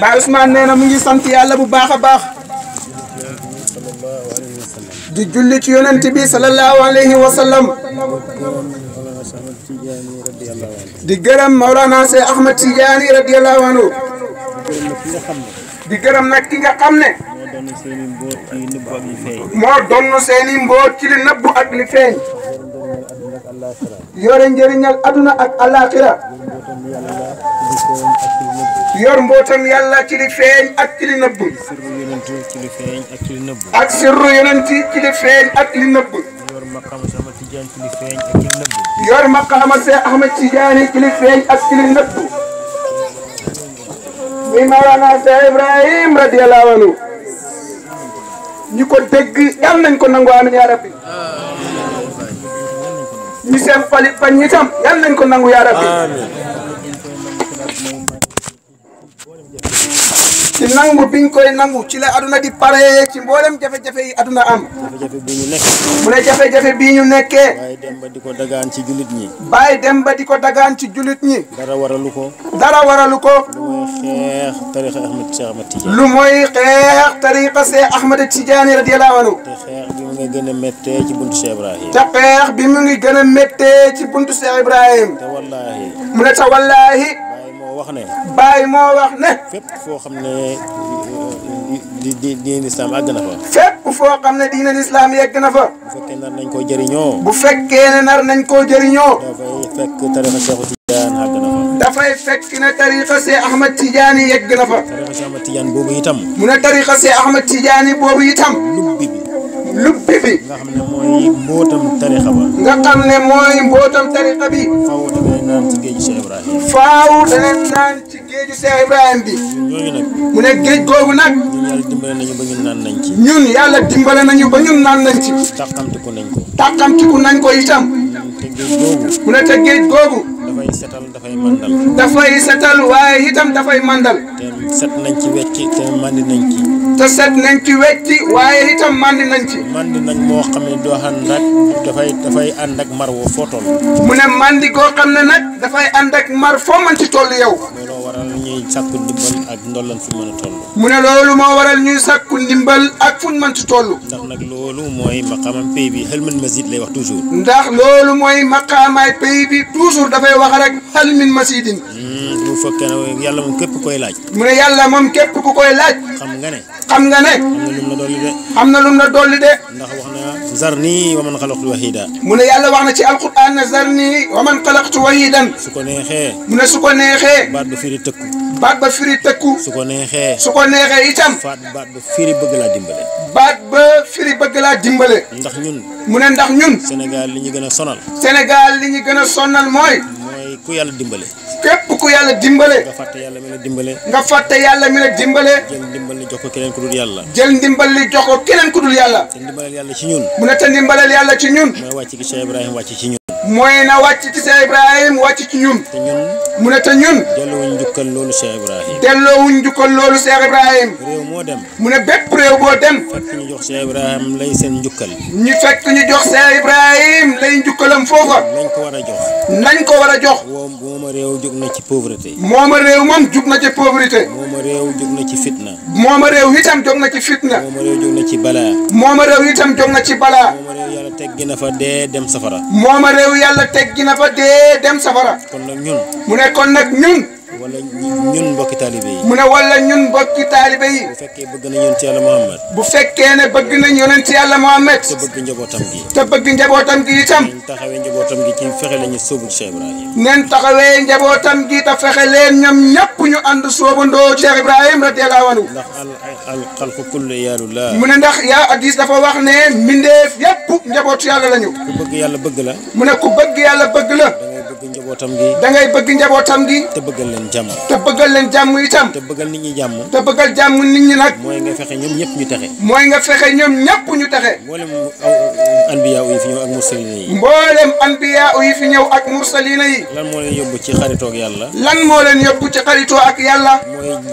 Baay Ousmane nee mu ngi sant yàlla bu baax a baax. di julli ci yonent bi sallallahu alayhi wa di gërëm Maulana ki nga xam ne. moo donn seeni mbóot ci li nëbbu ak li feeñ. yore njëriñal aduna ak alaxira. yor mbootam yàlla ci feeñ ak ci li nëbb. ak sirru yonent ci li feeñ ak ci li ak sirru yonent ci yor maqaama Seex Ahmad Tijaani feeñ ak ci li mi Mawlana Seex Ibrahim radiyallahu anhu ñi ko dégg yal nañ ko nangu amiin yaa rabbi. ñi seen falit bañ yal nañ ko nangu yaa ci nangu biñ koy nangu ci la aduna di pare ci mboolem jafe-jafe yi aduna am. jafe-jafe bii ñu nekkee. mu ne jafe-jafe bii ñu nekkee. bàyyi dem ba di ko dagaan ci julit ñi. bàyyi dem ba di ko dagaan ci julit ñi. dara waralu ko. dara waralu ko. lu mooy xeex tariqa Cheikh Ahmed Tidiane radiyallahu anhu. te xeex bi mu ngi gën a méttee ci buntu see Ibrahim. te xeex bi mu ngi gën a méttee ci buntu Cheikh Ibrahim. te wallaahi. mu ne te wallaahi. wax ne. Baye moo wax ne. fépp foo xam ne di di diine lislaam àgg na fa. fépp foo xam ne diine lislaam yegg na fa. bu fekkee nar nañ koo jëriñoo. bu fekkee ne nar nañ koo jëriñoo. dafay fekk tarixa Seexu Tijaan àgg na fa. dafay fekk ne tarixa Seex Ahmad Tijaani yegg na fa. tarixa Seex Ahmad Tijaani boobu itam. mu ne tarixa Seex Ahmad Tijaani boobu itam. lubbi bi. lubbi bi. nga xam ne mooy mbootam tarixa ba. nga xam ne mooy mbootam tarixa bi. naan ci géeju Cheikh Ibrahim. faaw danañ naan ci géeju Cheikh Ibrahim bi. ñooñu nag. mu ne géej googu nag. ñun yàlla dimbale nañu ba ñun naan nañ ci. ñun yàlla dimbale nañu ba ñun naan nañ ci. tàkkamtiku nañ ko. tàkkamtiku nañ ko itam. mu ne te géej googu. mu ne te géej googu. dafay setal dafay mandal. dafay setal waaye itam dafay mandal. te set nañ ci wecc te mandi nañ ci. te set nañ ci wecc waaye itam mandi nañ ci. mandi nañ moo xam ne doo ànd ak dafay dafay ànd ak mar woo foo toll. mu ne mandi goo xam ne nag dafay ànd ak mar foo mën ci toll yow. ñuy sàkku ndimbal ak ndollan fu mën a toll. mu ne loolu moo waral ñuy sàkku ndimbal ak fu mënti toll. ndax nag loolu mooy maqaamam pays bi xel min masid lay wax toujours. ndax loolu mooy maqaamaay pays bi toujours dafay wax rek xel min masidin. Hmm, bu fekkee ne yàlla moom képp koy laaj. mu ne moom képp ku koy laaj. xam nga ne. xam nga ne. xam na lum la dolli de. ndax wax na zarni wa man xalaqtu wahida. mu ne yàlla wax na ci alquran na zarni wa man xalaqtu wahidan. su ko neexee. mu ne su ko neexee. baat bu firi tëkku. baat ba firi tëkku. su ko neexee. su ko neexee itam. faat baat ba firi bëgg laa dimbale. baat ba firi bëgg laa dimbale. ndax ñun. mu ne ndax ñun. Sénégal li ñu gën a sonal. Sénégal li ñu gën a sonal mooy. mooy ku yàlla dimbale. képp ku yàlla dimbale. nga fàtte yàlla mi la dimbale. nga fàtte yàlla mi la dimbale. jël ndimbal li jox ko keneen ku dul yàlla. jël ndimbal li jox ko keneen ku dul yàlla. mu ne te ndimbalal yàlla ci ñun. mooy wàcc gi Cheikh wàcc ci ñun. mooy na wàcc ci Cheikh Ibrahim wàcc ci ñun. te ñun. mu ne te ñun. delloowuñ njukkal loolu Cheikh Ibrahim. delloowuñ njukkal loolu Cheikh Ibrahim. réew moo dem. mu ne bépp réew boo dem. fekk ñu jox Cheikh Ibrahim lay seen njukkal. ñu fekk ñu jox Cheikh Ibrahim lay njukkalam foofa. nañ ko war a jox. nañ ko war a jox. mooma réew jug na ci pauvreté. mooma réew moom jug na ci pauvreté. mooma réew jug na ci fitna. mooma réew itam jog na ci fitna. mooma réew jug na ci balaa. mooma réew itam jog na ci balaa. mooma réew yàlla teggi na fa dee dem safara. mooma réew yàlla teggi na fa dee dem safara. kon nag ñun. mu ne kon nag ñun. wala mbokki taalibe yi. mu ne wala ñun mbokki taalibe yi. bu fekkee bëgg nañ yonent yàlla Muhammad. bu fekkee ne bëgg nañ yonent yàlla Muhammad. te bëgg njabootam gi. te bëgg njabootam gi itam. nañ taxawee njabootam gi ci fexe leen ñu sóobu Cheikh Ibrahim. nañ taxawee njabootam gi te fexe leen ñoom ñëpp ñu ànd sóobandoo Cheikh Ibrahim radiyallahu anhu. ndax al al xalqu kullu iyaalullah. mu ne ndax yaa hadis dafa wax ne mbindeef yëpp njaboot yàlla lañu. ku bëgg yàlla bëgg la. mu ne ku bëgg yàlla bëgg la. bëgg njabootam gi da ngay bëgg njabootam gi te bëggal leen jàmm te bëggal leen jàmm itam te bëggal nit ñi jàmm te bëggal jàmm nit ñi nag mooy nga fexe ñoom ñëpp ñu texe mooy nga fexe ñoom ñëpp ñu texe mboolem anbiya yi fi ñëw ak mursalina yi mboolem anbiya yi fi ñëw ak mursalina yi lan moo leen yóbbu ci xaritoo ak yàlla lan moo leen yóbbu ci xaritoo ak yàlla mooy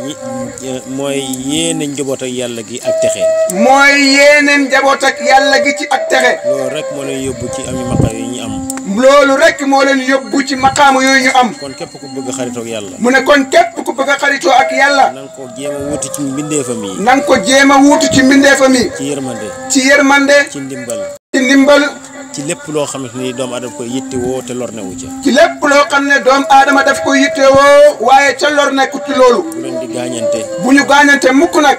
mooy yéene njaboot ak yàlla gi ak texe mooy yéene njaboot ak yàlla gi ci ak texe loolu rek moo leen yóbbu ci am yu maqaw yi ñu am loolu rek moo leen yóbbu ci maqaamu yooyu am. kon képp ku bëgg a xaritoo ak yàlla. mu ne kon képp ku bëgg a xaritoo ak yàlla. na nga ko jéem a wuutu ci mbindeefam yi. na nga ko jéem a wuutu ci mbindeefam yi. ci yërmande. ci yërmande. ci ndimbal. ci ndimbal. lépp loo xam ne doom aadama koy yittewoo te lor newu ca. ci lépp loo xam ne doomu aadama daf koy yittewoo waaye ca lor nekku ci loolu. bu leen di gaañante. bu ñu gaañante mukk nag.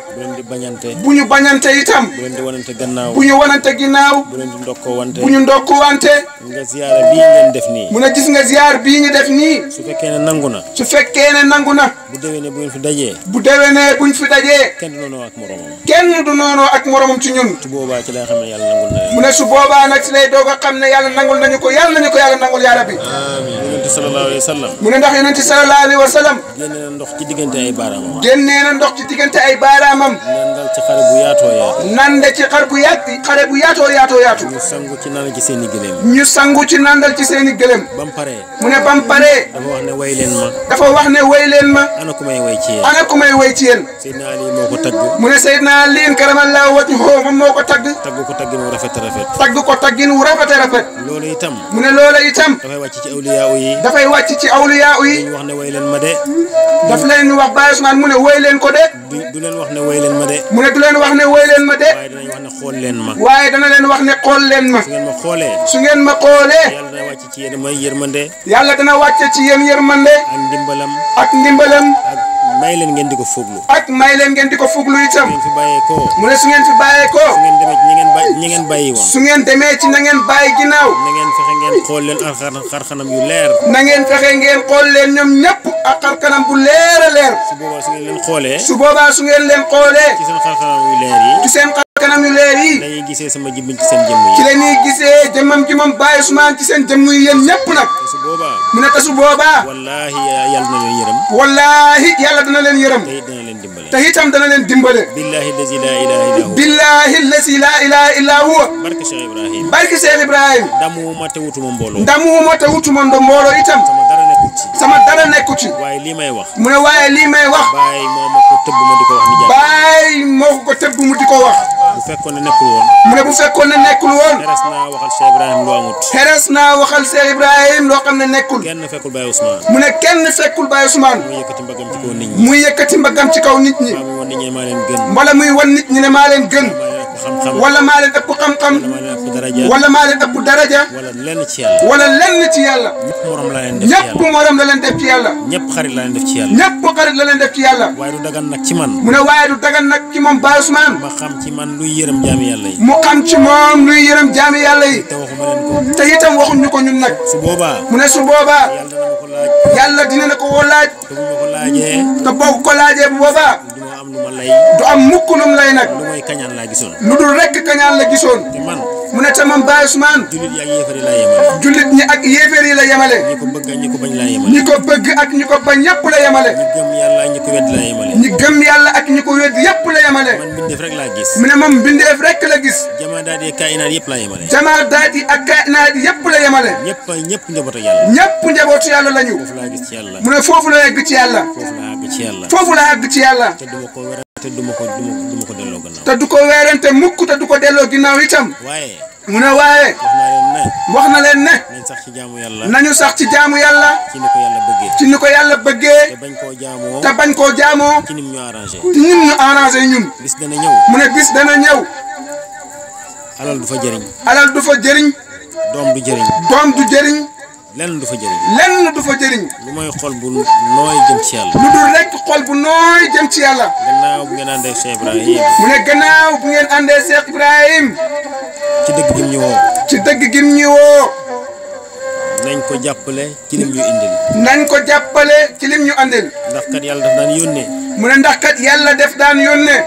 bañante bu ñu bañante itam bu leen di wanante gannaaw bu ñu wanante ginnaaw bu leen di ndokkoo wante bu ñu ndokkoo wante nga ziyaara bii ngeen def nii mun a gis nga ziyaar bii ñu def nii su fekkee ne nangu na su fekkee ne nangu na bu déwénee bu ngeen fi dajee bu déwénee buñ fi dajee kenn du noonoo ak moromam kenn du noonoo ak moromam ci ñun su boobaa ci lay xam ne yàlla nangul na mu ne su boobaa nag ci lay doog a xam ne yàlla nangul nañu ko yàlla nañu ko yàlla nangul yaa rabbi yonente sallallahu alayhi wa sallam mu ne ndax yonente sallallahu alayhi wa sallam génnee na ndox ci diggante ay baaraamam génnee na ndox ci diggante ay baaraamam nandal ci xare bu yaatoo yaatu. nande ci xare bu yaatoo yaatoo yaatu. ñu sangu ci nandal ci seen i gëlëm. ñu sangu ci nandal ci seen i gëlëm. ba mu paree. mu ne ba mu paree. dafa wax ne way ma. dafa wax ne way ma. ana ku may way ci yéen. ana ku may way ci yéen. Seydina Ali moo ko tagg. mu ne Seydina Ali karamallahu wajhahu moom moo ko tagg. tagg ko taggin wu rafet mu ne loolu itam. dafay wàcc ci awliyaa yi. dafay wàcc ci awliyaa yi. dañu wax ne way ma de. daf leen wax Baye Ousmane mu ne way ko de du leen wax ne woy leen ma de. mu ne du leen wax ne woy ma de. waaye wax ne xool leen ma. dana leen wax ne xool leen ma. su ngeen ma xoolee. su ngeen ma xoolee. yàlla dana wàcc ci yéen yërmande. yàlla dana wàcc ci yéen yërmande. ak ndimbalam. ak ndimbalam. may leen ngeen di ko fuglu ak may leen ngeen di ko fuglu itam ngeen fi bàyyeekoo mu ne su ngeen fi bàyyeekoo su ngeen demee ñi ngeen bàyyi ñi ngeen bàyyi woon su ngeen demee ci na ngeen bàyyi ginnaaw na ngeen fexe ngeen xool leen ak xarxanam bu leer na ngeen fexe ngeen xool leen ñoom ñëpp ak xarxanam bu leer a leer su boobaa su ngeen leen xoolee su boobaa su ngeen leen xoolee ci seen xarxanam yu leer yi kanam yu leer yi. la ñuy gisee sama jëmm ci seen jëmm ci la ñuy gisee jëmmam ci moom Baye Ousmane ci seen jëmm yi yéen ñëpp nag. su boobaa. mu ne su boobaa. wallaahi yàlla dana leen yërëm. wallaahi yàlla dana leen yërëm. te dana leen dimbale. te itam dana leen dimbale. billaahi lazi laa ilaaha illaa huwa. billaahi lazi laa ilaaha illaa huwa. barke Cheikh Ibrahima. barke Cheikh Ibrahima. ndamu ma te wutuma mbooloo. ndamu ma te wutuma itam. sama dara nekku ci. waaye lii may wax. mu ne waaye lii may wax. bàyyi moo ma ko tëbb mu di ko wax ni jaay. bàyyi moo ko tëbb mu di ko wax. mu ne bu fekkoon ne nekkul woon. xeres naa waxal Cheikh Ibrahim loo amut. xeres naa waxal Cheikh Ibrahim loo xam ne nekkul. kenn fekkul Baye Ousmane. mu ne kenn fekkul Baye Ousmane. muy yëkkati mbagam ci kaw nit ñi. muy yëkkati mbagam ci kaw nit ñi. wala muy wan nit ñi ne maa leen gën. wala maa leen ëpp xam-xam wala maa leen ëpp daraja wala lenn ci yàlla wala lenn ci yàlla ñëpp morom la leen def ci yàlla ñëpp xarit la leen def ci yàlla ñëpp xarit la leen def ci yàlla waaye du dagan ci man mu ne waaye du dagan nag ci moom Baay Usmaan ma xam ci man luy yërëm jaami yàlla yi mu xam ci moom luy yërëm jaami yàlla yi te itam waxuñ ñu ko ñun nag su boobaa mu ne su boobaa yàlla dina na ko woo laaj te boo ko laajee bu boobaa du am mukk lum lay nag lu mooy kañaan laa gisoon lu dul rek kañaan la gisoon. mu ne tamam Baye Ousmane. jullit ñi ak yéefar la yemale. ñi ko bëgg ak ñi ko bañ la yemale. ñi ko bëgg ak ñi ko bañ yëpp la yemale. ñi gëm yàlla ak ñi ko wedd la yemale. ñi gëm yàlla ak ñi ko wedd yëpp la yemale. man bindeef rek laa gis. mu ne moom bindeef rek la gis. jamaa daal di kaayinaat yëpp la yemale. jamaa daal di ak kaayinaat yëpp la yemale. ñëpp ñëpp njabootu yàlla. ñëpp njabootu yàlla lañu. foofu foofu la yegg ci yàlla. foofu laa àgg ci yàlla. te du ma ko du ma du ma ko delloo gannaaw. te du ko weerante mukk te du ko delloo ginnaaw itam. waaye. mu ne waaye. wax na leen ne. nañ sax ci jaamu yàlla. nañu sax ci jaamu yàlla. ci ni ko yàlla bëggee. ci ni ko yàlla bëggee. te bañ koo jaamoo. bañ koo jaamoo. ci nim ñu arrangé. ci nim ñu arrangé ñun. bis dana ñëw. mu ne bis dana alal du fa jëriñ. alal du fa jëriñ. doom du jëriñ. lenn du fa jëriñ. lenn du fa jëriñ. lu mooy xol bu nooy jëm ci yàlla. lu dul rek xol bu nooy jëm ci yàlla. gannaaw bu ngeen àndee Cheikh Ibrahim. mu ne gannaaw bu ngeen àndee Cheikh Ibrahim. ci dëgg gim ñu woo. ci dëgg gim ñu woo. nañ ko jàppale ci lim ñu indil. nañ ko jàppale ci lim ñu andil. ndax kat yàlla daf daan yónnee. mu ne ndax kat yàlla def daan yónnee.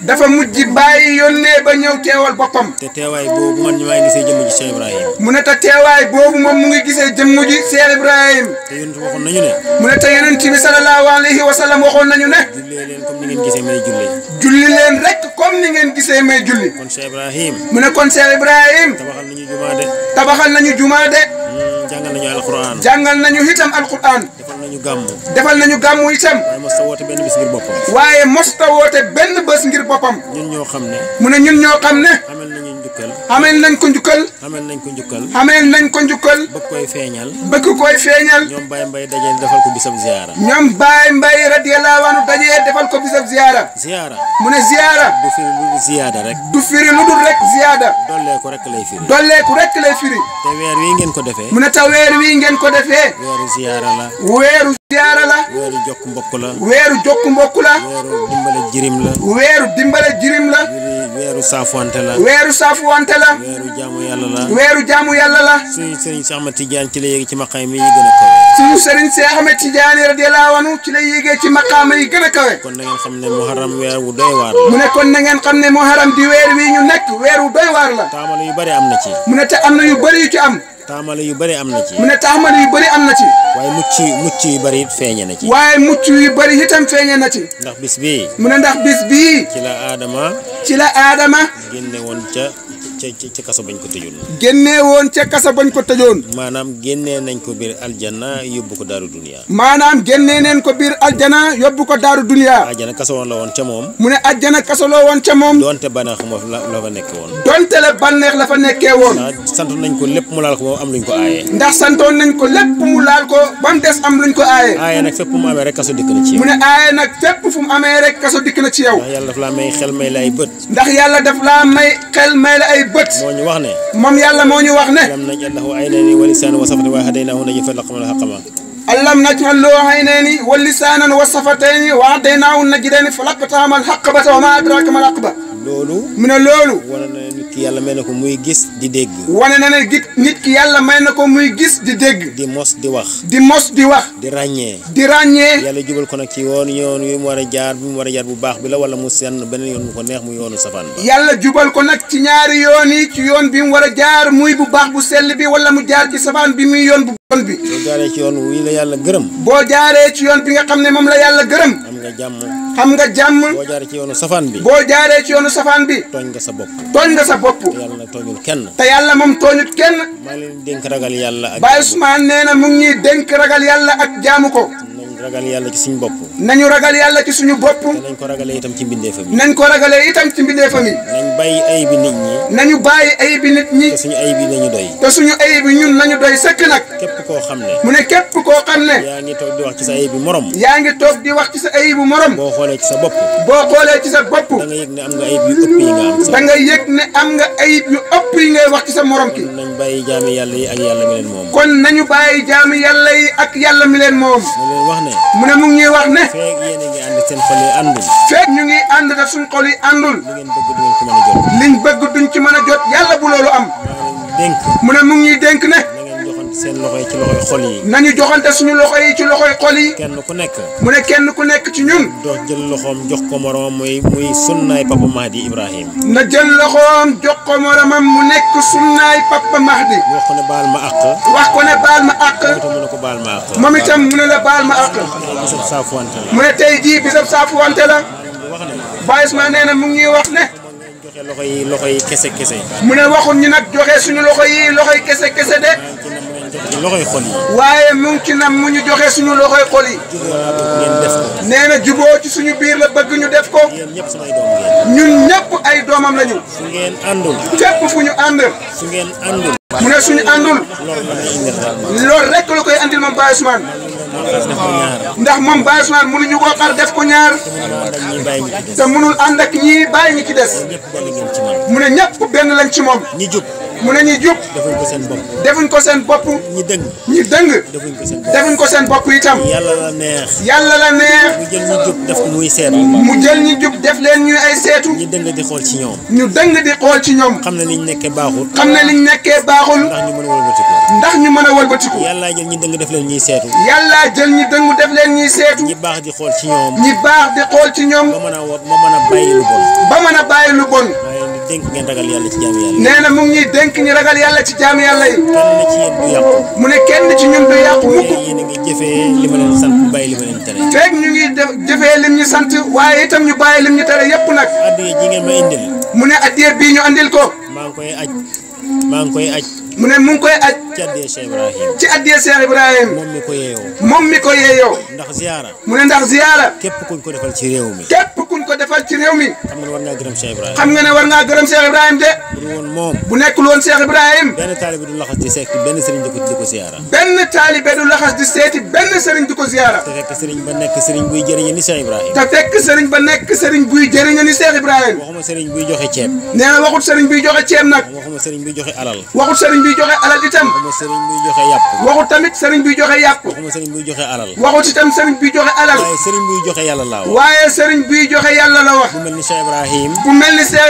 dafa mujj bàyyi yónnee ba ñëw teewal boppam. dafa mujj bàyyi yónnee ba ñëw teewal boppam. te teewaay boobu man maa ngi gisee jëmm ji Cheikh Ibrahim. mu ne te teewaay boobu moom mu ngi gisee jëmm ji Cheikh Ibrahim. te nañu ne. mu ne te yonent bi sallallahu alayhi wa sallam waxoon nañu ne. julli leen comme ni ngeen gisee may julli. julli leen rek comme ni ngeen gisee may julli. kon Cheikh Ibrahim. mu ne kon Cheikh Ibrahim. tabaxal nañu jumaa de. tabaxal nañu jumaa de. Hmm, jàngal nañu alquran. jàngal nañu itam alquran. nañu gàmmu. defal nañu gàmmu itam. waaye mosta woote benn bés ngir boppam. waaye mosta woote benn bés ngir boppam. ñun ñoo xam ne. mu ne ñun ñoo xam ne. njukkal. ameel nañ ko njukkal. ameel nañ ko njukkal. ameel nañ ko njukkal. bëgg koy feeñal. bëgg koy feeñal. ñoom Baye Mbaye dajee defal ko bisab ziyaara. ñoom Baye Mbaye radiyallaahu anhu dajee defal ko bisab ziyaara. ziyaara mu ne ziyaara. du firi lu dul ziyaada du firi lu dul rek ziyaada. dolleeku rek lay firi. dolleeku rek lay firi. te weer wii ngeen ko defee. mu ne te weer wii ngeen ko defee. weeru ziyaara la. weeru ziyaara la. weeru jokk mbokk la. weeru jokk mbokk la. weeru dimbale jirim la. weeru dimbale jirim la. weeru saafonte la. weeru saafonte wonte la. weeru jaamu yàlla la. weeru jaamu yàlla la. suñu sëriñ Cheikh Ahmed Tidiane ci la yéegee ci maqaam yi gën a kawe. suñu sëriñ Cheikh Ahmed Tidiane radiyallahu anhu ci la yéegee ci maqaam yi gën a kawe. kon na ngeen xam ne muharram weer wu doy waar la. mu ne na di weer wi ñu nekk weer wu doy waar la. taamala yu bëri am na ci. mu ne te am na yu bëri am. taamala yu bëri am na ci. mu ne yu bëri am na ci. waaye mu mucc yu bëri it feeñe na ci. waaye mucc yu bëri itam feeñe na ci. ndax bis bii. mu ne ndax bis bii. ci la Adama. ci la Adama. génne woon ca. ca ca kaso bañ ko tëjoon. génnee woon ca kaso bañ ko tëjoon. maanaam génnee nañ ko biir aljana yóbbu ko daaru duniya. maanaam génnee neen ko biir aljana yóbbu ko daaru duniya. aljana kaso woon la woon ca moom. mu ne aljana kaso la woon ca moom. donte bànneex moo la la fa nekkee woon. donte la bànneex la fa nekkee woon. sant nañ ko lépp mu laal ko am luñ ko aaye. ndax santoon nañ ko lépp ko ba mu des am ko aaye. aaye nag fépp fu mu amee rek kaso dikk na ci yow. mu ne aaye nag fépp fu mu amee rek kaso dikk na ci yow. ndax yàlla daf laa may xel may la ay bët. ndax yàlla daf laa may teg bët. moo ñu wax ne. moom yàlla moo ñu wax ne. alam naj'al lahu aynayni wa lisaanan wa shafatayn wa hadaynaahu najdayn alam naj'al lahu aynayni wa lisaanan wa shafatayn wa hadaynaahu najdayn falaqtahama al-aqaba wa maa adraaka ma al-aqaba mu ne loolu. wane na nit ki yàlla may na ko muy gis di dégg. wane na ne nit ki yàlla may na ko muy gis di dégg. di mos di wax. di mos di wax. di ràññee. di ràññee. yàlla jubal ko nag ci yoon yoon wi mu war a jaar bi mu war a jaar bu baax bi la wala mu senn beneen yoon mu ko neex mu yoonu safaan ba. yàlla jubal ko nag ci ñaari yoon ci yoon bi mu war a jaar muy bu baax bu sell bi wala mu jaar ci safaan bi muy yoon bu bon bi. boo jaaree ci yoon wi la yàlla gërëm. boo jaaree ci yoon bi nga xam ne moom la yàlla gërëm. nga jàmm xam nga jàmm boo jaaree ci yoonu safaan bi boo jaaree ci yoonu safaan bi tooñ nga sa bopp tooñ nga sa bopp te yàlla nag tooñul kenn te yàlla moom tooñut kenn maa ngi leen dénk ragal yàlla ak Baye Ousmane nee na mu ngi dénk ragal yàlla ak jaamu ko ragal yàlla ci suñu bopp. nañu ragal yàlla ci suñu bopp. nañ ko ragalee itam ci mbindeefam yi. nañ ko ragalee itam ci mbindeefam yi. nañ bàyyi ayib bi nit ñi. nañu bàyyi ayib bi nit ñi. te suñu ayib yi nañu doy. te suñu ayib yi ñun nañu doy sëkk koo xam ne. mu ne képp koo xam ne. yaa ci sa bu morom. yaa ngi toog di wax ci sa boo xoolee ci sa bopp. boo xoolee ci sa bopp. da nga yëg ne am nga ayib yu ëpp yi nga am. da ngay wax ci sa morom ki. nañ bàyyi jaami yàlla yi ak yàlla mi leen moom. kon nañu bàyyi jaami yàlla yi ak yàlla mi leen moom. ne. mu ne mu ngi wax ne. feeg yéen a ngi ànd seen xol yi àndul. feeg ñu ngi jot. liñ bu loolu am. mu ne mu ngi ñuy ne. joxante seen loxo yi ci loxoy xol yi. nañu joxante suñu loxo yi ci loxoy xol yi. kenn ku nekk. mu ne kenn ku nekk ci ñun. dox jël loxoom jox ko moromam muy muy sunnaay papa Mahdi Ibrahim. na jël loxoom jox ko moromam mu nekk sunnaay papa Mahdi. wax ko ne baal ma àq. wax ko ne baal ma àq. moom itam mu ne ko baal ma la baal ma àq. bisab saafuwante la. mu ne tey jii bisab saafuwante la. Baye Ousmane nee na mu ngi wax ne. loxo mu ne waxuñ nag joxe suñu loxo yi loxo yi kese kese de. loxoy xol waaye mu ngi ci mu ñu joxe suñu loxoy xol yi. nee na juboo ci suñu biir la bëgg ñu def ko. ñun ñëpp ay doomam lañu. su ngeen àndul. fépp fu ñu ànd. su ngeen àndul. mu ne suñu àndul. loolu rek la koy andil moom Baye Ousmane. ndax moom mu Ousmane mënuñu koo xar def ko ñaar. te mënul ànd ak ñii bàyyi ñi ci des. mu ne ñëpp benn lañ ci moom. ñi jub. mu ne ñuy jub. defuñ ko seen bopp. ko seen bopp. ñi dëng. ñi dëng. defuñ ko seen bopp defuñ ko seen bopp itam. yàlla la neex. yàlla la neex. mu jël ñu jub def muy seet. mu jël ñu jub def leen ñuy ay seetu. ñi dëng di xool ci ñoom. ñu dëng di xool ci ñoom. xam na liñ nekkee baaxul. xam na liñ nekkee baaxul. ndax ñu mën a wëlbatiku. ndax ñu mën a wëlbatiku. yàllaa jël ñi dëng def leen ñuy seetu. yàllaa jël ñi dëng def leen ñuy seetu. ñi baax di xool ci ñoom. ñi baax di xool ci ñoom. ba mën a bàyyi lu bon. ba mën a bàyyi lu bon. dénk ngeen ragal yàlla ci jaamu yàlla nee na mu ngi ñuy dénk ñu ragal yàlla ci jaamu yàlla yi kenn ci yéen du yàqu mu ne kenn ci ñun du yàqu mukk yéen a ngi jëfee li ma leen sant bàyyi li ma leen tere fekk ñu ngi def jëfee lim ñu sant waaye itam ñu bàyyi lim ñu tere yépp nag addiya ji ngeen ma indil mu ne addiya bii ñu andil ko maa ngi koy aj maa ngi koy aj mu ne mu ngi koy aj ci addiya Cheikh Ibrahim ci addiya Cheikh Ibrahim moom mi ko yeeyoo moom mi ko yeeyoo ndax ziyaara mu ne ndax ziyaara képp kuñ ko defal ci réew mi képp defal ci réew mi. xam nga ne war ngaa gërëm Cheikh Ibrahim. xam nga ne war ngaa gërëm Cheikh Ibrahim de. bu dul woon moom. bu nekkul woon Cheikh Ibrahim. benn taalibe du laxas di seeti benn sëriñ di ko di ko ziyaara. benn taalibe du laxas di seeti benn sëriñ di ko ziyaara. te fekk sëriñ ba nekk sëriñ buy jëriñe ni Cheikh Ibrahim. te fekk sëriñ ba nekk sëriñ buy jëriñe ni Cheikh Ibrahim. waxuma sëriñ buy joxe ceeb. nee na waxut sëriñ buy joxe ceeb nag. waxuma sëriñ buy joxe alal. waxut sëriñ buy joxe alal itam. waxuma sëriñ buy joxe yàpp. waxut tamit sëriñ buy joxe yàpp. waxuma sëriñ buy joxe alal. waxut itam sëriñ buy joxe alal. waaye sëriñ buy joxe yàlla laaw. waaye sëriñ buy joxe yàlla yàlla bu mel ni Cheikh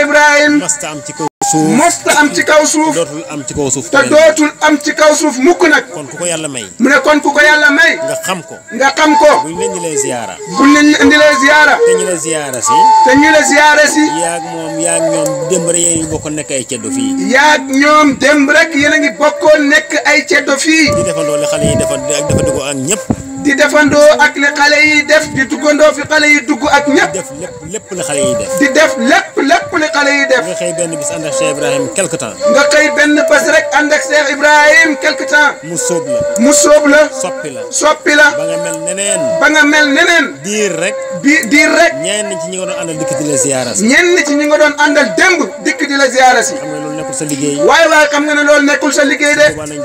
Ibrahim. bu am ci kaw suuf. masta am ci kaw suuf. dootul am ci suuf. te dootul am ci kaw suuf mukk nag. kon ku ko yàlla may. mu ne kon ku ko yàlla may. nga xam ko. nga xam ko. buñ la indilee ziyaara. buñ la indilee ziyaara. te ñu ziyaara si. te ñu la ziyaara si. yaag moom yaag ñoom démb rek yéen a ngi bokkoon nekk ay ceddo fii. yaag ñoom démb rek yéen ngi bokkoon nekk ay ceddo fii. di defandoo li xale yi defandoo ak defandoo ak ñëpp. di defandoo ak li xale yi def di duggandoo fi xale yi dugg ak ñëpp. di def lépp li xale yi def. di def lépp lépp li xale yi def. nga xëy benn bis ànd ak Cheikh Ibrahim quelque temps. nga xëy benn bés rek ànd ak Cheikh Ibrahim quelque temps. mu sóob la. mu sóob la. soppi la soppi la. ba nga mel neneen. ba nga mel neneen. diir rek. bi diir rek. ñenn ci ñi nga doon àndal dikk di la ziyaara si. ñenn ci ñi nga doon àndal démb dikk di la ziyaara si. nekkul sa liggéey waaye waaye xam nga ne loolu nekkul sa liggéey de su nañ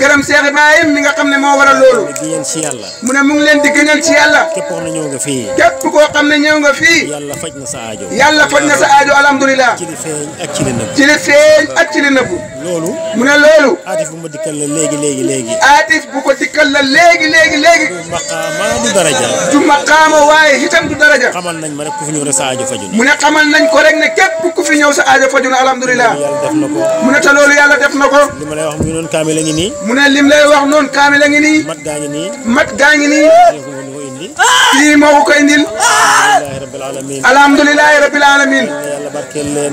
gërëm Cheikh Ibrahim mi nga xam ne moo waral loolu mu leen di gëñal ci yàlla képp koo xam ne ñëw nga fii képp koo xam ne ñëw sa aajo yàlla faj na sa aajo alhamdulilah ci li feeñ ak ci li nëbb ci li feeñ ak ci loolu mu ne dikkal la léegi léegi léegi aatif bu ko dikkal la léegi léegi léegi du maqaama du daraja du maqaama waaye itam du daraja xamal nañ ma rek ku sa aajo mu ne xamal nañ ko rek ne képp ku fi yow sa aajo faju na alhamdulilah. mu ne te loolu yàlla def na ma lay wax mu ngi noonu kaamil a ngi nii. mu ne lim lay wax noonu kaamil a ngi nii. mat gaa ngi nii. mat gaa ngi nii. kii moo ko ko indil.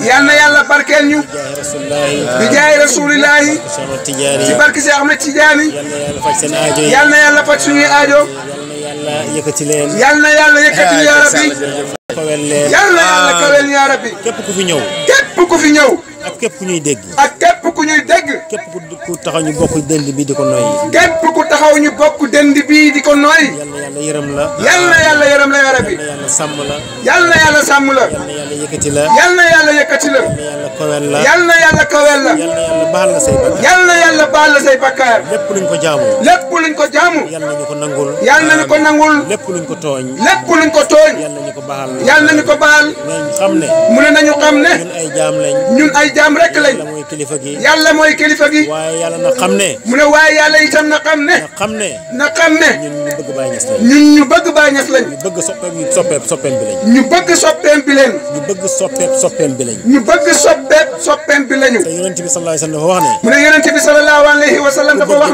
yal na yàlla barkeel ñu. bi jaay rasulilahi. ci barke yal na yàlla faj suñuy aajo. yal na yàlla yëkkati leen. yal na yàlla yëkkati yaa rabbi. yal na yàlla kawel yaa rabbi. képp ku fi ñëw. ku fi ñëw. ak képp ku ñuy dégg. ak ku ñuy dégg. képp ku taxaw ñu bokk dënd bi di ko noyyi. képp ku taxaw ñu bokk dënd bi di ko noyyi. yàlla yàlla yërëm la. yàlla yàlla yërëm la yore sàmm la. yàlla yàlla sàmm la. yàlla yàlla yëkkati la. yàlla yàlla kowel la. yàlla kawel la. yal na yàlla baal la say bakkaar. yal na yàlla baal la say bakkaar. lépp luñ ko jaamu. lépp luñ ko jaamu. yal nañu ko nangul. yal nañu ko nangul. lépp luñ ko tooñ. lépp luñ ko tooñ. yal nañu ko baal. yal nañu ko baal. nañu xam ne. mu ne nañu xam ne. ñun ay jaam lañ. ñun ay jaam rek lañ. yàlla mooy kilifa gi. yàlla mooy kilifa gi. waaye yàlla na xam ne. mu ne waaye yàlla itam na xam ne. na xam ne. na xam ne. ñun ñu bëgg Baay Ñas lañ. ñun ñu bëgg Baay Ñas lañ. ñu bëgg soppeem bi lañ. bi lañu te yonent bi sallallahu alayhi wa sallam dafa wax ne mu ne yonent bi sallallahu alayhi wa sallam dafa wax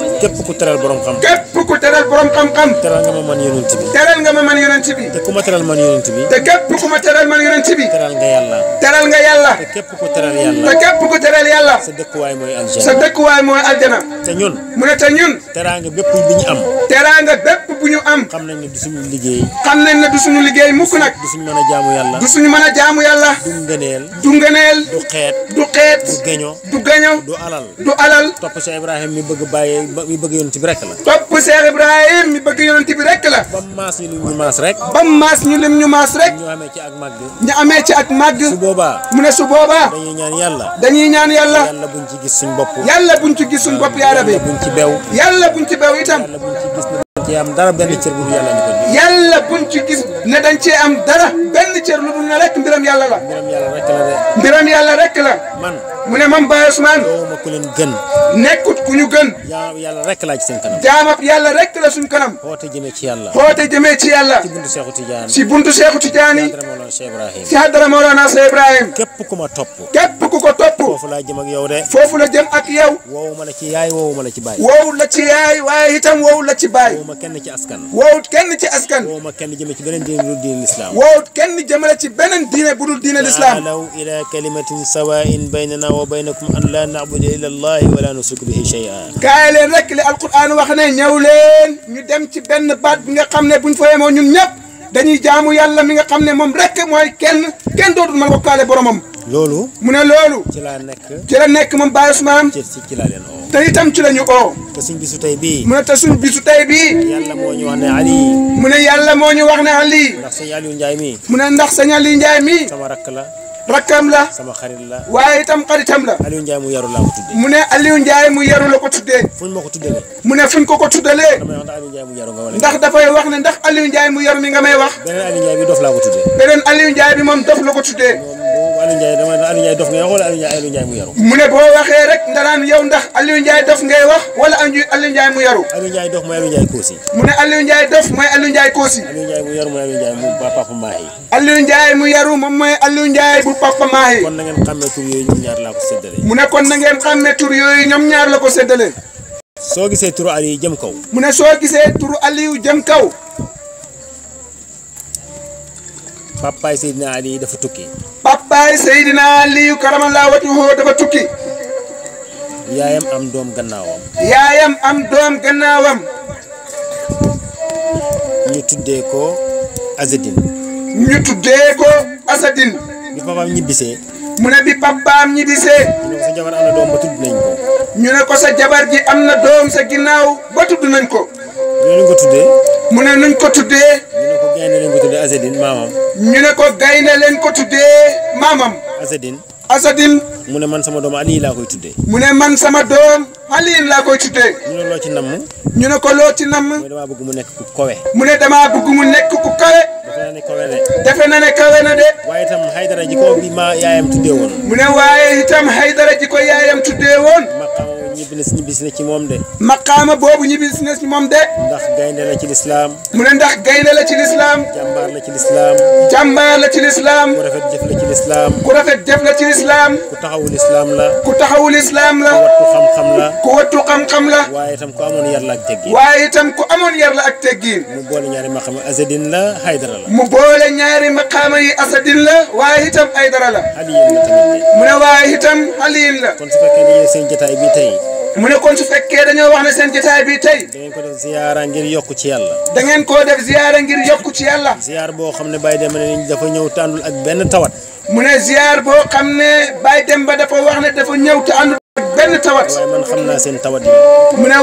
ne képp ku teral borom xam-xam képp ku teral borom xam képp ku teral borom xam-xam teral nga ma man yonent bi teral nga ma man yonent bi te ku ma teral man yonent bi te képp ku ma teral man yonent bi teral nga yàlla teral nga yàlla te képp ku teral yàlla te képp ku teral yàlla sa dëkkuwaay mooy aljana sa dëkkuwaay mooy aljana te ñun mu ne te ñun teraanga bépp bi ñu am teraanga bépp bu ñu am xam nañ ne du suñu liggéey xam nañ ne du suñu liggéey mukk nag du suñu mën a jaamu yàlla du suñu mën a jaamu yàlla du ngëneel du ngëneel du xeet du xeet du gaño du gaño du alal du alal topp Cheikh Ibrahim mi bëgg bàyyi mi bëgg yonent bi rek la topp Cheikh Ibrahim mi bëgg yonent bi rek la ba maas ñu lim ñu maas rek ba maas ñu lim ñu maas rek ñu amee ci ak màgg ñu amee ci ak màgg su boobaa mu ne su boobaa dañuy ñaan yàlla dañuy ñaan yàlla yàlla buñ ci gis suñ bopp yàlla buñ ci gis suñ bopp yaa rabbi buñ ci bew yàlla buñ ci itam cee am dara benn cër bu dul yàlla ci am dara benn cër lu dul ne rek mbiram yàlla la. mbiram yàlla rek la de. mbiram man mu ne man Baye Ousmane. yow ma ku leen gën. nekkut ku ñu gën. jaam yàlla rek laa ci seen kanam. jaamab yàlla rek la suñ kanam. xoote jëmee ci yàlla. xoote jëmee ci yàlla. ci buntu Seexu Tidiane. ci buntu Seexu Tidiane. ci hadara Mawlana Cheikh Ibrahim. képp ku ma topp. képp ku ko topp. foofu la jëm ak yow de. foofu la jëm ak yow. woowu ma la ci yaay woowu ma la la ci baay. ma kenn ci askan. woowut kenn ci askan. woo ma kenn jëmee ci beneen diine bu dul diine lislaam. woowut kenn jëmale ci beneen diine bu dul diine lislaam. taalaw ila kalimatin sawaa'in baynana wa baynakum an laa na'buda illa allahi wa laa nusrika bihi shay'an. kaay leen rek li alquran wax ne ñëw leen ñu dem ci benn baat bi nga xam ne buñ fa yemoo ñun ñëpp dañuy jaamu yàlla mi nga xam ne moom rek mooy kenn kenn dootul mën bokkaale boromam. loolu. mu ne loolu. ci laa nekk. ci la nekk moom Baye Ousmane. ci ci laa leen oo. te ci la ñu oo. te tey bii. mu ne te suñ bisu bii. yàlla moo ñu wax ne Ali. mu ne moo ñu wax ne Ali. ndax sëñ Aliou Ndiaye mii. mu ne ndax sëñ Aliou Ndiaye mii. sama rakk la. rakkam la. sama xarit la. laa ko tuddee. mu ne Aliou Ndiaye mu yaru la ko tuddee. fuñ ma ko tuddalee. mu ne fuñ ko ko ndax dafay wax ne ndax Aliou Ndiaye mu yaru mi nga may wax. beneen Aliou Ndiaye bi dof laa ko tuddee. beneen Aliou Ndiaye bi moom dof la ko boobu Aliou dama Aliou Ndiaye dof ngay wax wala Aliou Ndiaye Aliou mu yaru ngay wax wala Aliou Ndiaye mu yaru Aliou Ndiaye dof mooy Aliou Ndiaye Kossi mu ne Aliou Ndiaye dof mooy Aliou Ndiaye Kossi Aliou Ndiaye mu yaru mooy Aliou Ndiaye bu papa Mahi Aliou Ndiaye mu yaru moom mooy Aliou Ndiaye bu papa Mahi na ngeen xàmmee tur yooyu ñoom ñaar la ko séddale mu ne kon na ngeen xàmmee tur yooyu ñoom ñaar la ko séddale soo gisee turu Aliou jëm kaw mu ne soo gisee turu Aliou jëm kaw papaay Seydina Ali dafa tukki. papaay Seydina Ali karamallaahu wajhahu dafa tukki. yaayam am doom gannaawam. yaayam am doom gannaawam. ñu tuddee ko Azadine. ñu tuddee ko Azadine. bi papaam ñibbisee. mu ne bi papaam ñibbisee. ñu ne ko sa jabar na ko. ñu ne ko sa jabar ji am na doom sa ginnaaw ba tudd nañ ko. ñu ne nuñ ko tuddee. mu ne nuñ ko tuddee. gaynde lañ ko tuddee Azadine maamam. ñu ne ko gaynde lañ ko tuddee maamam. Azadine. Azadine. mu ne man sama doom Aliou laa koy tuddee. mu ne man sama doom Aliou laa tuddee. ci namm. ñu ko loo ci namm. mu ne damaa bëgg mu nekk ku kowe. mu ne damaa bëgg mu nekk ku kowe. defe na ne kowe de. na de. waaye itam Haydara ji yaayam tuddee woon. ñibbis ñibbis na ci moom de. maqaama boobu ñibbis na ci moom de. ndax gaynde la ci lislaam. mu ne ndax gaynde la ci lislaam. jàmbaar la ci lislaam. jàmbaar la ci lislaam. ku rafet jëf la ci lislaam. ku rafet jëf la ci lislaam. ku taxawu la. ku taxawu lislaam la. ku wattu xam-xam la. ku wattu xam-xam la. waaye itam ku amoon yar la ak teggiin. ku amoon ak teggiin. mu boole ñaari maqaama asadin la haydara la. mu boole ñaari maqaama yi asadin la waaye itam haydara la. mu ne waaye itam xaliin la. kon su fekkee ne yéen seen jotaay bi tey. mu ne kon su fekkee dañoo wax ne seen jotaay bi tey. da ngeen ko def ziyaara ngir yokku ci yàlla. dangeen koo def ziyaara ngir yokku ci yàlla. ziyaar boo xam ne Baye Demba ne dafa ñëw te ak benn tawat. mu ne ziyaar boo xam ne Baye Demba dafa wax ne dafa ñëw te àndul benn tawat. waaye man xam naa seen tawat yi.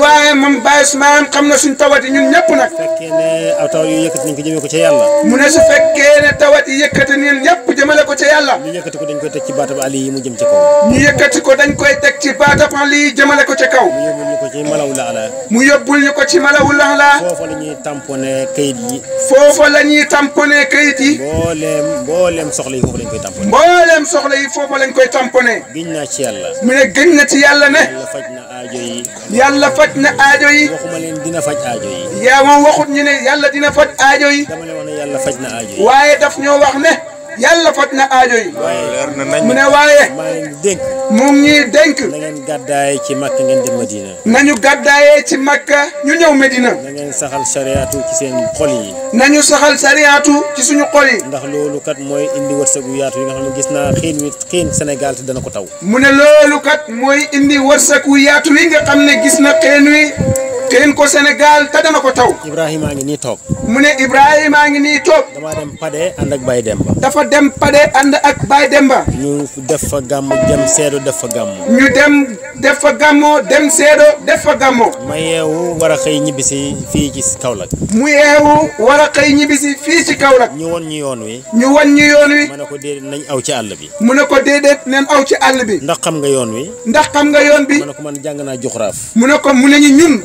waaye moom Baye Ousmane xam na suñ tawat yi ñun ñëpp nag. su fekkee ne aw tawat yi yëkkati nañ ko jëmee ko ca yàlla. mu ne su fekkee ne tawat yi yëkkati ko ca yàlla. ñu yëkkati dañ koy teg ci baatab Ali yi mu jëm ca kaw. ñu yëkkati ko dañ koy teg ci baatab Ali yi jëmale ko ca kaw. mu yóbbul ñu ko ci malawul ala. mu yóbbul ñu ko ci malawul ala. foofa la ñuy tamponné kayit yi. foofa la ñuy tamponné kayit yi. mbooleem mbooleem soxla yi foofa lañ koy tamponné. mbooleem naa ci yàlla. mu ne gëñ na ci yàlla ne. yàlla faj na ajo yi. yàlla faj na ajo yi. waxuma leen dina faj aajo yi. yaa moom waxut ñu ne yàlla dina faj aajo yi. dama ne yàlla faj na aajo yi. waaye daf ñoo ne. yàlla faj na aajo yi. mu ne waaye. mu ngi dénk. na ngeen gàddaayee ci Makka ngeen dem Medina. nañu gàddaayee ci Makka ñu ñëw Medina. na ngeen saxal sariyaatu ci seen xol yi. nañu saxal sariyaatu ci suñu xol yi. ndax loolu kat mooy indi wërsëgu yaatu yi nga xam ne gis naa xiin wi xiin dana ko taw. mu ne nga xam ne gis na xiin wi. teen ko Sénégal dem a ko taw. Ibrahima a ngi nii toog. mu ne Ibrahima a ngi nii toog. damaa dem Pade ànd ak Baye Demba. dafa dem Pade ànd ak Baye Demba. ñu def fa gàmm jëm seedu def fa gàmm. def fa gàmmoo dem seedo def fa gàmmoo. ma yeewu war a xëy ñibbisi fii ci Kaolack. mu yeewu war a xëy ñibbisi fii ci Kaolack. ñu won ñu yoon wi. ñu won ñu yoon wi. mu ne ko déedéet nañ aw ci àll bi. mu ne ko déedéet nañ aw ci àll bi. ndax xam nga yoon wi. ndax xam nga yoon bi. mu ne ko man jàng naa juxraaf. mu ne ko mu ne ñu ñun.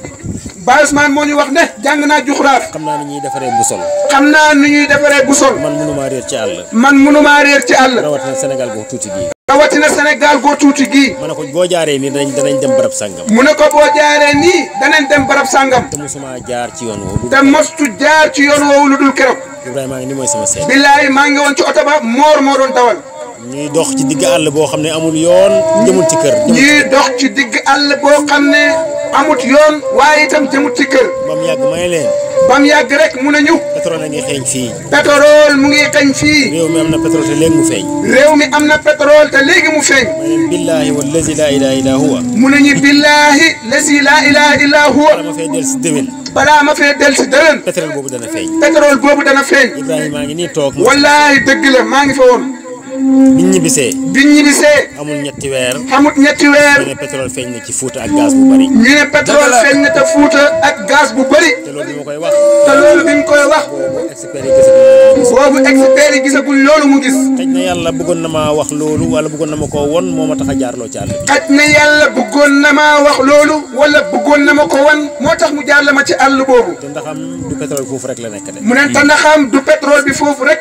Baye Ousmane moo ñu wax ne jàng naa juxraaf. xam naa ni ñuy defaree bu sol. xam naa ni ñuy defaree bu sol. man mënumaa réer ci àll. man a réer ci àll. rawatina Sénégal gu tuuti gii. rawatina Sénégal goo tuuti gii. mu ne ko boo jaaree nii danañ danañ dem barab sangam. mu ne ko boo jaaree nii danañ dem barab sangam. te mosuma jaar ci yoon woowu. te mostu jaar ci yoon woowu lu dul keroog. Ibrahima ni mooy sama seede. billaay maa ngi woon ci oto ba moor moo doon dawal. ñuy dox ci digg àll boo xam ne amul yoon. jëmul ci kër ñuy dox ci digg àll boo xam ne. amut yoon waaye itam jëmut ci kër. bam yàgg may leen. bam yàgg rek mun na ñu. pétrole a ngi xeeñ fii. pétrole mu ngi xeeñ fii. réew mi am na pétrole te léegi mu feeñ. réew mi am na pétrole te léegi mu feeñ. ma ne billaahi wallazi laa ilaaha illaa huwa. mu ne ñu billaahi lazi laa ilaaha illaa huwa. balaa ma fee del si balaa ma fee del si déwén. pétrole boobu dana feeñ. pétrole boobu dana feeñ. Ibrahima maa ngi nii toog. wallaahi dëgg la maa ngi fa biñ ñibbisee. biñ ñibbisee. amul ñetti weer. amul ñetti weer. ñu ne pétrole feeñ na ci Fuuta ak gaz bu bari. ñu ne pétrole feeñ na te Fuuta ak gaz bu bari. te loolu bi ma koy wax. te loolu bi mu koy wax. boobu expert yi mu gis. xaj bëggoon na maa wax loolu wala bëggoon na ma koo won moo ma tax a jaarloo ci àll bi. xaj na yàlla bëggoon wala bëggoon na ko wan moo tax mu jaarla ma ci àll boobu. te foofu rek la nekk de. mu ne te ndaxam du pétrole bi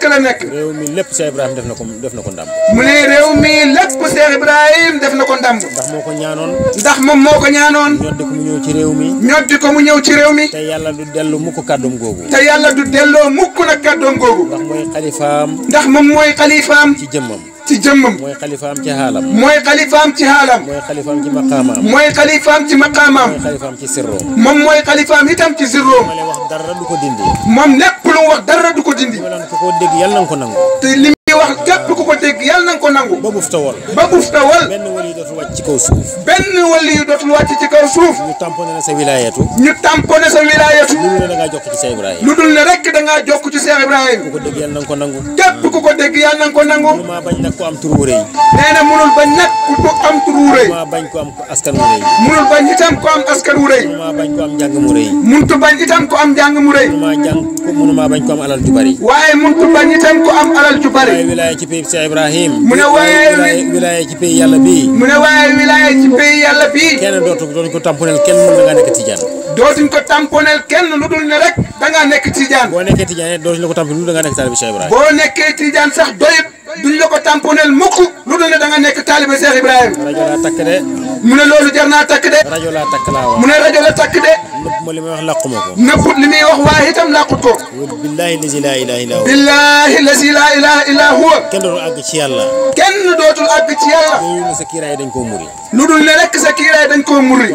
la nekk. réew mi lépp Cheikh Ibrahima def na ko ko ndàmb. mu ne réew mi lépp Cheikh Ibrahim def na ko ndàmb. ndax moo ko ñaanoon. ndax moom moo ko ñaanoon. ñoddi ko mu ñëw ci réew mi. ñoddi ko mu ñëw ci réew mi. te yàlla du dellu mukk kàddoom googu. te yàlla du delloo mukk nag kàddoom googu. ndax mooy xalifaam. ndax moom mooy xalifaam. ci jëmmam. ci jëmmam mooy xalifaam ci xaalam mooy xalifaam ci xaalam mooy xalifaam ci maqaamaam mooy xalifaam ci maqaamaam mooy xalifaam ci sirroom moom mooy xalifaam itam ci sirroom moom lépp lu wax dara wax képp ku ko dégg yàlla na nga ko nangu. ba buf tawal. ba buf tawal. benn wali yu dootul wàcc ci kaw suuf. benn wali yu dootul wàcc ci kaw suuf. ñu tamponné na sa wilaayatu. ñu tamponné sa wilaayatu. lu dul ne da ngaa jokk ci Cheikh Ibrahima. lu dul ne rek da ngaa jokk ci Cheikh Ibrahima. ku ko dégg yàlla na nga ko nangu. képp ku ko dégg yàlla na nga ko nangu. mënumaa bañ nag ku am tur wu rëy. nee na munul bañ nag ku am tur wu rëy. mënumaa bañ ku am askan wu rëy. munul bañ itam ku am askan wu rëy. mënumaa bañ ku am njàng mu rëy. muntu bañ itam ku am njàng mu rëy. mënumaa jàng mënumaa bañ ku am alal ju bari. waaye muntu bañ itam ku am alal ju bari wilaya ci pays se Ibrahim. mu a waaye wilaya ci pays yàlla bii. mu ne waaye wilaya ci pays yàlla bii. kenn dootu dootuñ ko tamponel ko tamponel kenn lu dul ne rek dangaa nekk tijaan. boo nekkee tijaan dootuñ la ko tamponel lu dangaa nekk taalibe Cheikh Ibrahim. boo nekkee tijaan sax doyut duñ la ko tamponel mukk lu dul ne danga nekk taalibe Cheikh Ibrahim. rajo laa takk de. mu ne loolu jar takk de. rajo laa takk laa wax. mu ne rajo la takk de. nëpp li muy wax làqu ma ko. nëpput li muy wax waaye itam làqut ko. billaahi lazi laa ilaaha illaa huwa. billaahi lazi laa ilaaha illaa huwa. kenn dootul àgg la yàlla. kenn dootul dañ koo muri. lu dañ koo muri.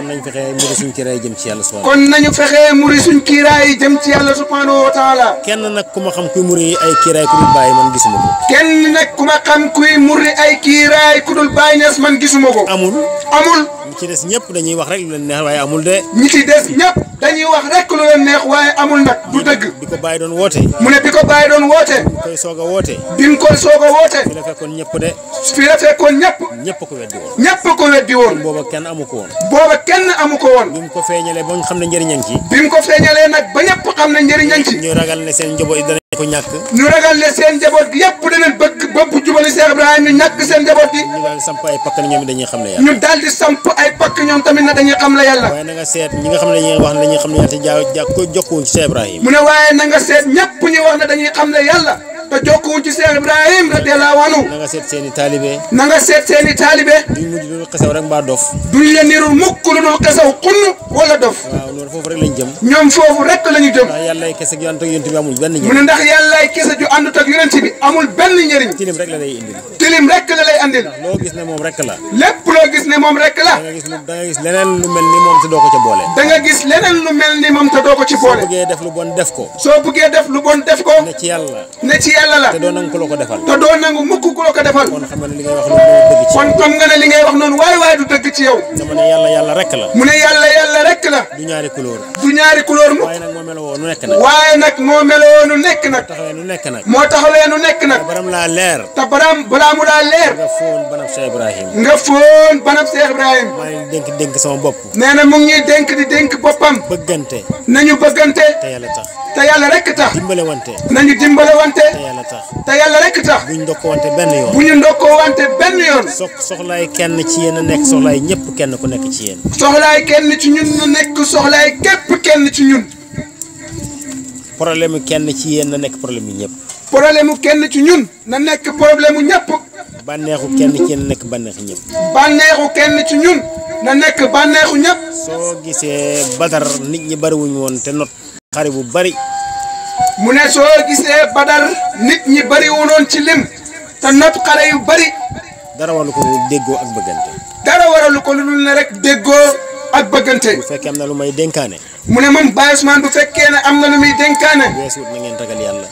kon nañu fexe muri suñ kiiraay jëm ci yàlla subhaanahu. kon fexe muri suñ kiiraay jëm ci kenn nag ku ma xam kuy muri ay kiiraay ku dul bàyyi man gisuma ko. kenn nag ku ma xam kuy muri ay kiiraay ku dul bàyyi nees man gisuma ko. amul amul. Bye. ci des ñëpp dañuy wax rek lu leen neex waaye amul de. ñi ci des ko doon woote. mu ne bi ko bàyyi soog woote. bi nga koy a woote. ñëpp de. fi la fekkoon ñëpp. ñëpp ko weddi woon. ñëpp ko weddi woon. booba kenn amu ko woon. booba kenn amu ko woon. bi mu ko feeñalee ba nga xam ne njëriñan ci. bi mu ko feeñalee nag ba ñëpp xam ne njëriñan ñu ragal ne seen njaboot dana ko ñàkk. ñu ragal ne seen njaboot yëpp danañ bëgg bëpp jubali Cheikh Ibrahima ñu ñàkk seen njaboot yi. di ñu daal samp ay teg pakk ñoom tamit na dañuy xam la yàlla waaye na nga xam ne dañuy wax ne dañuy xam te jaa ko jokkuwuñ mu ne waaye na nga xam la yàlla te jokkuwuñ ci Cheikh Ibrahim radiyallahu anhu na nga seet seen i na nga seet seen i rek mbaa dof duñ la nirul mukk lu dul xesaw xunn wala dof waaw loolu jëm ñoom foofu rek la ñu jëm ndax yàllaay kese ju ànd ak yonent bi amul benn njëriñ mu ne ndax yàllaay kese amul benn njëriñ tilim rek la lay indil tilim rek la lay andil gis ne moom rek la lépp loo gis ne moom rek la da gis da leneen lu mel ni moom te doo ko ca boole da nga gis leneen lu mel ni moom te doo ko ci boole soo def lu bon def ko bëggee def lu bon def ko ne ci yàlla ne yàlla la. nangu ku ko defal. te doo nangu mukk ku la ko defal. kon xam nga ne li ngay wax noonu dëgg ci. kon xam nga ne du dëgg ci yow. dama ne yàlla yàlla rek la. mu ne yàlla rek la. du ñaari couleur. du ñaari couleur mu. waaye nag moo meloo nu nekk nag. waaye nag moo meloo nekk nag. moo nekk nag. moo laa leer. te baram balaa mu laa leer. nga foon banab Cheikh Ibrahim. sama bopp. nee na mu ngi rek tax. dimbale wante. nañu dimbale wante. yàlla tax. te yàlla rek tax. bu ñu ndokkoowante benn yoon. bu ñu ndokkoowante benn yoon. ci yéen nekk soxlaay ñëpp kenn ku nekk ci yéen. soxlaay kenn ci kenn ci yéen nekk problème mu ñëpp. kenn ci na nekk kenn ci yéen na soo gisee Badar nit ñi bariwuñ woon te not. xare bu bari. mu ne soo gisee badar nit ñi bari ci lim ta not xale yu bari dara waralu ko déggoo ak bëggante dara waralu ko lu dul ne rek déggoo ak bëggante bu fekkee am na lu may denkaane mu ne moom Baye Ousmane bu fekkee ne am na lu muy dénkaane weesuut na ngeen ragal yàlla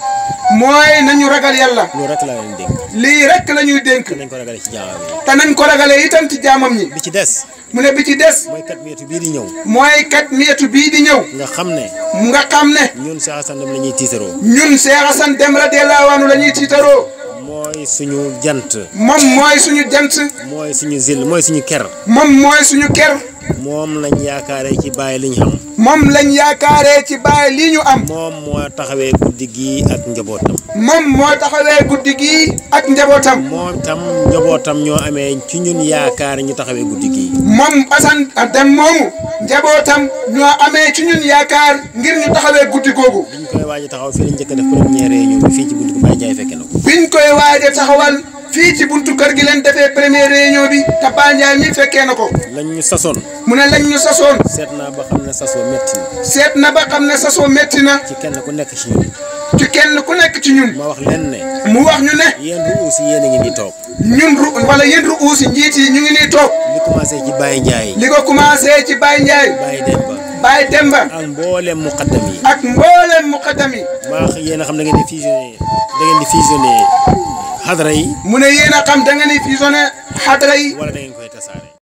mooy nañu ragal yàlla. loolu rek la leen dénk. lii rek la ñuy dénk. te nañ ko ragalee ci jaamam yi. te nañ ko ragalee itam ci jaamam ñi. bi ci des. mu ne bi ci des. mooy kat miyatu bii di ñëw. mooy kat miyatu bii di ñëw. nga xam ne. nga xam ne. ñun Cheikh Assane Deme la ñuy tiitaroo. ñun Cheikh Assane Deme radiyallaahu anhu la ñuy tiitaroo. mooy suñu jant. moom mooy suñu jant. mooy suñu zil mooy suñu ker. moom mooy suñu ker. moom lañ yaakaaree ci bàyyi li ñu am. moom lañ yaakaaree ci bàyyi moo taxawee guddi gi ak njabootam. moom taxawee guddi ak njabootam. moom tam njabootam ñoo amee ci ñun yaakaar njabootam ñoo amee ci ñun yaakaar ngir ñu taxawee guddi googu. biñ koy waaj taxaw fii lañ njëkk a def première réunion bi fii ci guddi gi Baye Ndiaye fekke na biñ koy waaj a taxawal fii ci buntu kër gi leen defee première réunion bi te Ba fekkee na ko. lañ ñu sasoon. mu ne lañ ñu sasoon. seet na ba xam ne sasoo métti na. seet na ba xam ne sasoo metti na. ci kenn ku nekk ci ñun. ci kenn ku nekk ci ñun. ma wax leen ne. mu wax ñu ne. yéen ruusi yéen a ngi nii toog. ñu ngi nii toog. li commencé ci Baye Ndiaye. li ko commencé ci Baye Ndiaye. Baye Baye Demba. ak mboolem muqaddam ak mboolem muqaddam yi. baax yéen a xam da ngeen di fusionné da di fusionné xadra yi. mu ne yéen a xam di fusionné xadra